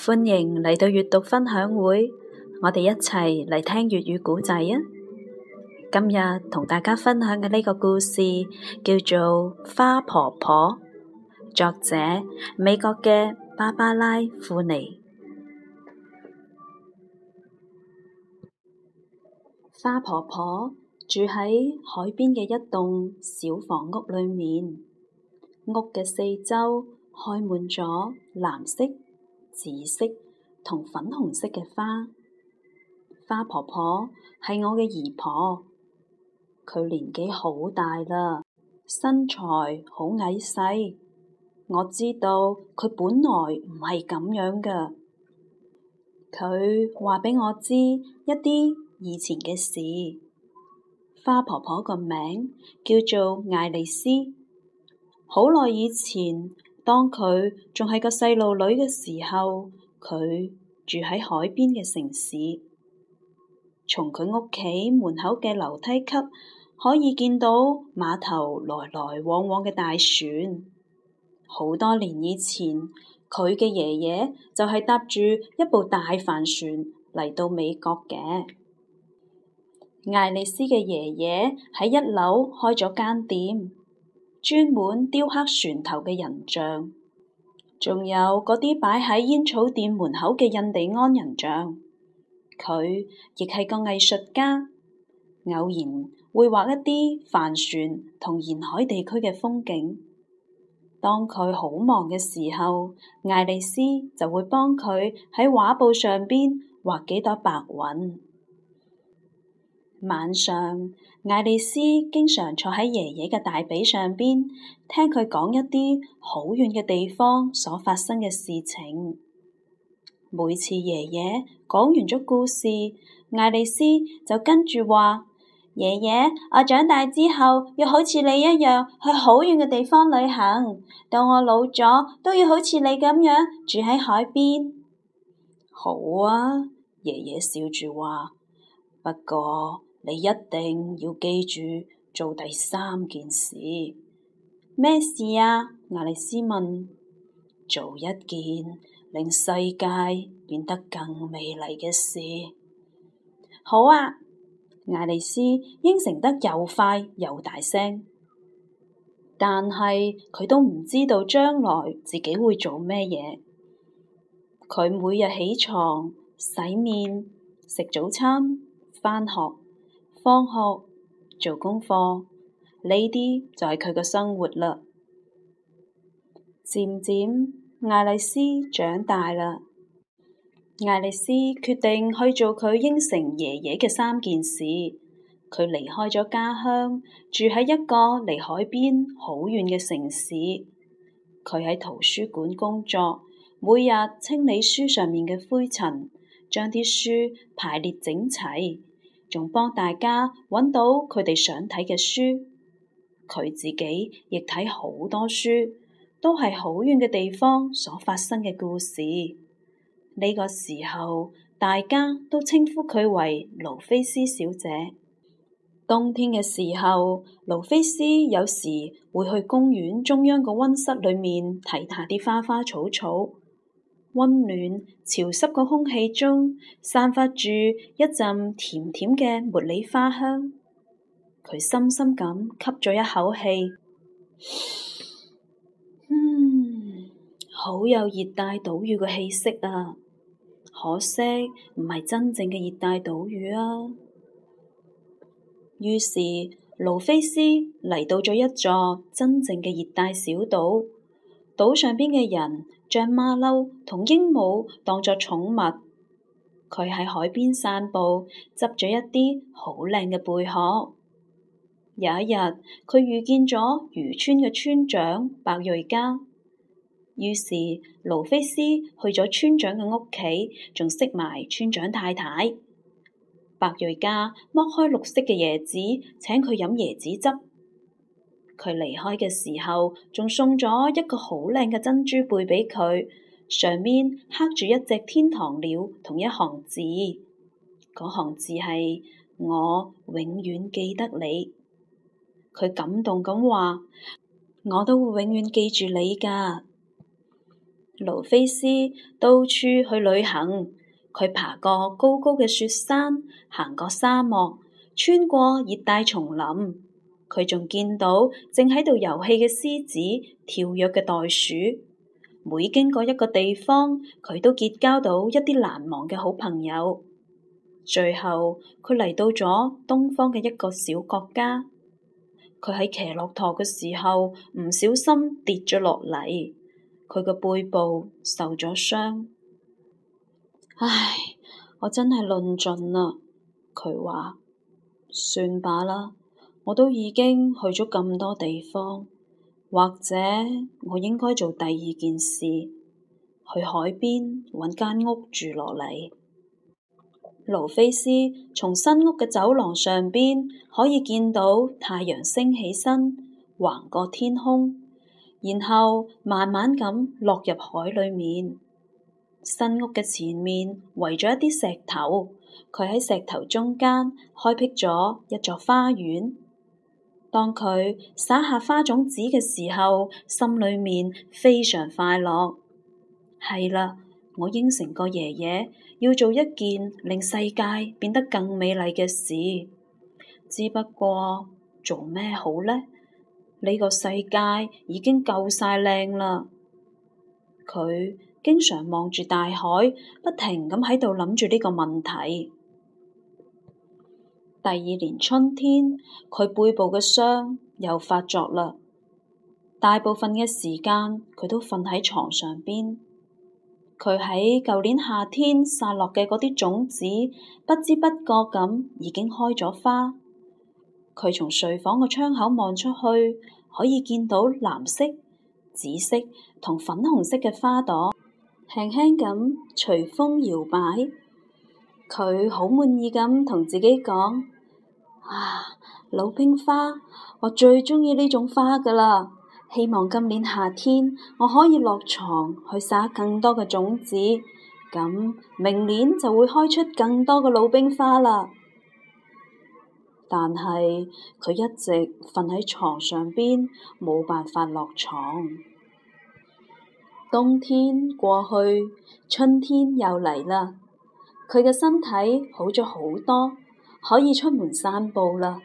歡迎嚟到閱讀分享會，我哋一齊嚟聽粵語古仔啊！今日同大家分享嘅呢個故事叫做《花婆婆》，作者美國嘅芭芭拉·庫尼。花婆婆住喺海邊嘅一棟小房屋裏面，屋嘅四周開滿咗藍色、紫色同粉紅色嘅花，花婆婆係我嘅姨婆，佢年紀好大啦，身材好矮細。我知道佢本來唔係咁樣㗎，佢話俾我知一啲以前嘅事。花婆婆個名叫做艾莉絲，好耐以前，當佢仲係個細路女嘅時候，佢住喺海邊嘅城市，從佢屋企門口嘅樓梯級可以見到碼頭來來往往嘅大船。好多年以前，佢嘅爺爺就係搭住一部大帆船嚟到美國嘅。艾麗絲嘅爺爺喺一樓開咗間店。專門雕刻船頭嘅人像，仲有嗰啲擺喺煙草店門口嘅印第安人像。佢亦係個藝術家，偶然會畫一啲帆船同沿海地區嘅風景。當佢好忙嘅時候，艾麗斯就會幫佢喺畫布上邊畫幾朵白雲。晚上，艾麗絲經常坐喺爺爺嘅大髀上邊，聽佢講一啲好遠嘅地方所發生嘅事情。每次爺爺講完咗故事，艾麗絲就跟住話：爺爺，我長大之後要好似你一樣去好遠嘅地方旅行。到我老咗都要好似你咁樣住喺海邊。好啊，爺爺笑住話，不過。你一定要記住做第三件事。咩事啊？艾麗斯問。做一件令世界變得更美麗嘅事。好啊，艾麗斯應承得又快又大聲。但係佢都唔知道將來自己會做咩嘢。佢每日起床、洗面、食早餐、返學。放學做功課，呢啲就係佢嘅生活啦。漸漸艾麗絲長大啦，艾麗絲決定去做佢應承爺爺嘅三件事。佢離開咗家鄉，住喺一個離海邊好遠嘅城市。佢喺圖書館工作，每日清理書上面嘅灰塵，將啲書排列整齊。仲幫大家搵到佢哋想睇嘅書，佢自己亦睇好多書，都係好遠嘅地方所發生嘅故事。呢個時候，大家都稱呼佢為盧菲斯小姐。冬天嘅時候，盧菲斯有時會去公園中央個溫室裏面睇下啲花花草草。温暖潮濕嘅空氣中，散發住一陣甜甜嘅茉莉花香。佢深深咁吸咗一口氣，嗯，好有熱帶島嶼嘅氣息啊！可惜唔係真正嘅熱帶島嶼啊。於是盧菲斯嚟到咗一座真正嘅熱帶小島。島上邊嘅人將馬騮同鸚鵡當作寵物。佢喺海邊散步，執咗一啲好靚嘅貝殼。有一日，佢遇見咗漁村嘅村長白瑞嘉。於是，盧菲斯去咗村長嘅屋企，仲識埋村長太太。白瑞嘉剝開綠色嘅椰子，請佢飲椰子汁。佢離開嘅時候，仲送咗一個好靚嘅珍珠貝俾佢，上面刻住一隻天堂鳥同一行字。嗰行字係我永遠記得你。佢感動咁話：我都會永遠記住你㗎。盧菲斯到處去旅行，佢爬過高高嘅雪山，行過沙漠，穿過熱帶叢林。佢仲見到正喺度遊戲嘅獅子，跳躍嘅袋鼠。每經過一個地方，佢都結交到一啲難忘嘅好朋友。最後，佢嚟到咗東方嘅一個小國家。佢喺騎駱駝嘅時候唔小心跌咗落嚟，佢嘅背部受咗傷。唉，我真係論盡啦，佢話算把啦。我都已經去咗咁多地方，或者我應該做第二件事，去海邊揾間屋住落嚟。盧菲斯從新屋嘅走廊上邊可以見到太陽升起身，橫過天空，然後慢慢咁落入海裏面。新屋嘅前面圍咗一啲石頭，佢喺石頭中間開闢咗一座花園。當佢撒下花種子嘅時候，心裏面非常快樂。係啦，我應承過爺爺要做一件令世界變得更美麗嘅事。只不過做咩好呢？呢個世界已經夠晒靚啦。佢經常望住大海，不停咁喺度諗住呢個問題。第二年春天，佢背部嘅傷又發作啦。大部分嘅時間，佢都瞓喺床上邊。佢喺舊年夏天撒落嘅嗰啲種子，不知不覺咁已經開咗花。佢從睡房嘅窗口望出去，可以見到藍色、紫色同粉紅色嘅花朵，輕輕咁隨風搖擺。.佢好滿意咁同自己講：啊，魯冰花，我最鍾意呢種花噶啦！希望今年夏天我可以落床去撒更多嘅種子，咁明年就會開出更多嘅魯冰花啦。但係佢一直瞓喺床上邊，冇辦法落床。冬天過去，春天又嚟啦。佢嘅身體好咗好多，可以出門散步啦。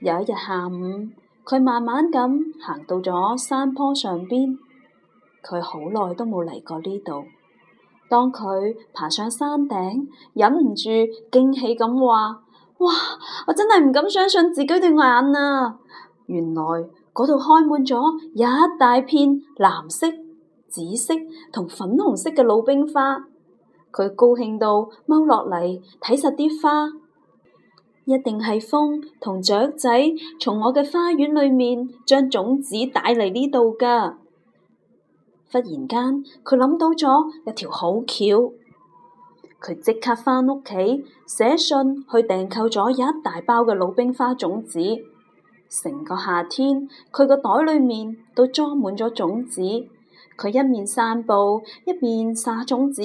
有一日下午，佢慢慢咁行到咗山坡上邊，佢好耐都冇嚟過呢度。當佢爬上山頂，忍唔住驚喜咁話：「哇！我真係唔敢相信自己對眼啊！原來嗰度開滿咗一大片藍色、紫色同粉紅色嘅魯冰花。佢高興到踎落嚟睇實啲花，一定係風同雀仔從我嘅花園裏面將種子帶嚟呢度噶。忽然間，佢諗到咗一條好橋，佢即刻返屋企寫信去訂購咗一大包嘅魯冰花種子。成個夏天，佢個袋裏面都裝滿咗種子。佢一面散步，一面撒種子。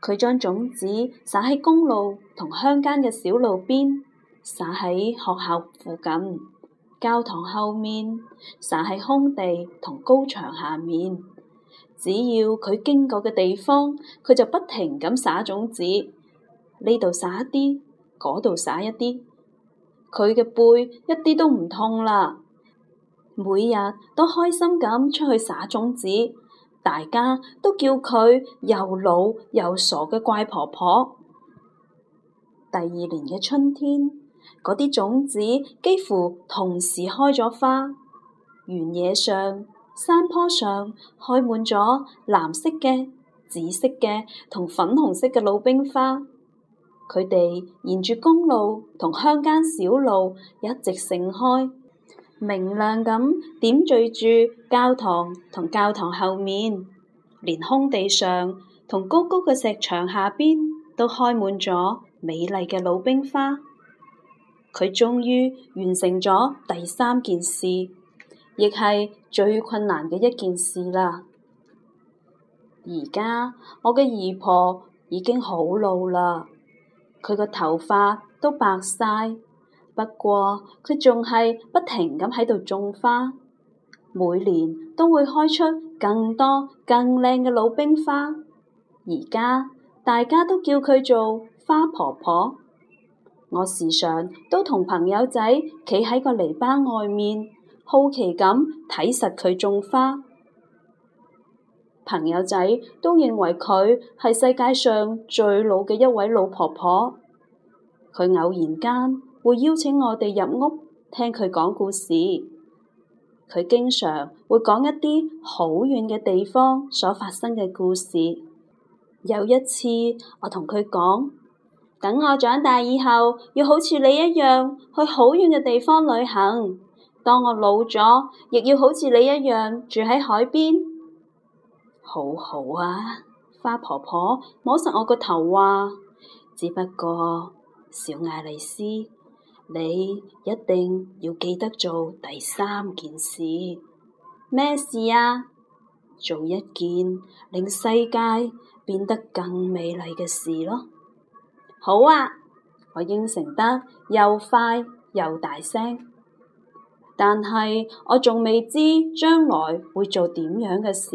佢將種子撒喺公路同鄉間嘅小路邊，撒喺學校附近、教堂後面，撒喺空地同高牆下面。只要佢經過嘅地方，佢就不停咁撒種子，呢度撒一啲，嗰度撒一啲。佢嘅背一啲都唔痛啦，每日都開心咁出去撒種子。大家都叫佢又老又傻嘅怪婆婆。第二年嘅春天，嗰啲種子幾乎同時開咗花，原野上、山坡上開滿咗藍色嘅、紫色嘅同粉紅色嘅魯冰花。佢哋沿住公路同鄉間小路一直盛開。明亮咁點綴住教堂同教堂後面，連空地上同高高嘅石牆下邊都開滿咗美麗嘅魯冰花。佢終於完成咗第三件事，亦係最困難嘅一件事啦。而家我嘅姨婆已經好老啦，佢個頭髮都白晒。不過佢仲係不停咁喺度種花，每年都會開出更多更靚嘅老冰花。而家大家都叫佢做花婆婆。我時常都同朋友仔企喺個籬笆外面，好奇咁睇實佢種花。朋友仔都認為佢係世界上最老嘅一位老婆婆。佢偶然間會邀請我哋入屋聽佢講故事。佢經常會講一啲好遠嘅地方所發生嘅故事。有一次，我同佢講：「等我長大以後，要好似你一樣去好遠嘅地方旅行。當我老咗，亦要好似你一樣住喺海邊。」好好啊，花婆婆摸實我個頭話，啊：只不過小艾麗絲。你一定要記得做第三件事，咩事啊？做一件令世界變得更美麗嘅事咯。好啊，我應承得又快又大聲，但係我仲未知將來會做點樣嘅事。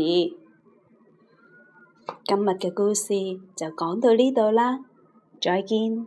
今日嘅故事就講到呢度啦，再見。